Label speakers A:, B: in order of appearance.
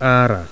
A: ƙara